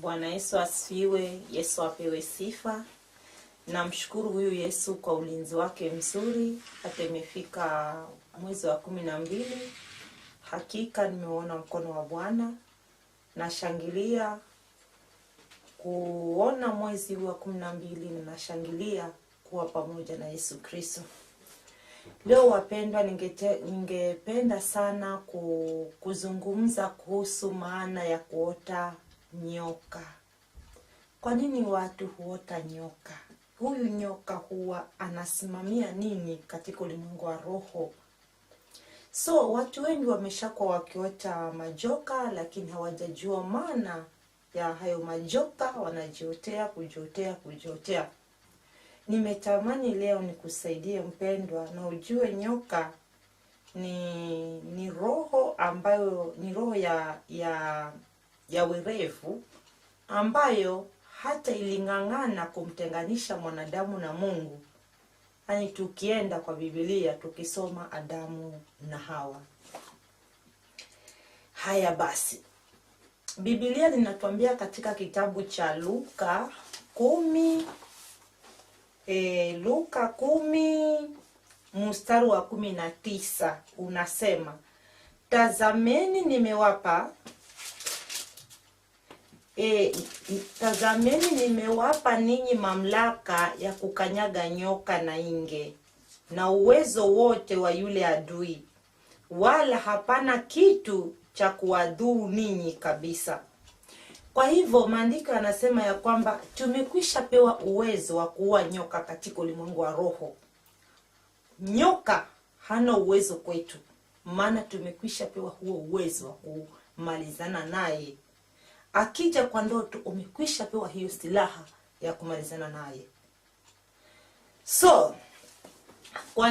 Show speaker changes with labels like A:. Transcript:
A: Bwana Yesu asifiwe. Yesu apewe sifa. Namshukuru huyu Yesu kwa ulinzi wake mzuri, hata imefika mwezi wa kumi na mbili. Hakika nimeona mkono wa Bwana. Nashangilia kuona mwezi huu wa kumi na mbili, na nashangilia kuwa pamoja na Yesu Kristo. Leo wapendwa, ningependa sana kuzungumza kuhusu maana ya kuota nyoka. Kwa nini watu huota nyoka? Huyu nyoka huwa anasimamia nini katika ulimwengu wa roho? So watu wengi wameshakuwa wakiota majoka, lakini hawajajua maana ya hayo majoka. Wanajiotea, kujiotea, kujiotea. Nimetamani leo nikusaidie mpendwa, na ujue nyoka ni ni roho ambayo ni roho ya ya ya werevu ambayo hata iling'ang'ana kumtenganisha mwanadamu na Mungu. Yaani, tukienda kwa Biblia tukisoma Adamu na Hawa. Haya basi, Biblia linatuambia katika kitabu cha Luka kumi e, Luka kumi mstari wa kumi na tisa unasema, tazameni nimewapa E, tazameni nimewapa ninyi mamlaka ya kukanyaga nyoka na inge na uwezo wote wa yule adui, wala hapana kitu cha kuwadhuru ninyi kabisa. Kwa hivyo maandiko yanasema ya kwamba tumekwisha pewa uwezo wa kuua nyoka katika ulimwengu wa roho. Nyoka hana uwezo kwetu, maana tumekwisha pewa huo uwezo wa kumalizana naye akija kwa ndoto umekwisha pewa hiyo silaha ya kumalizana naye so kwa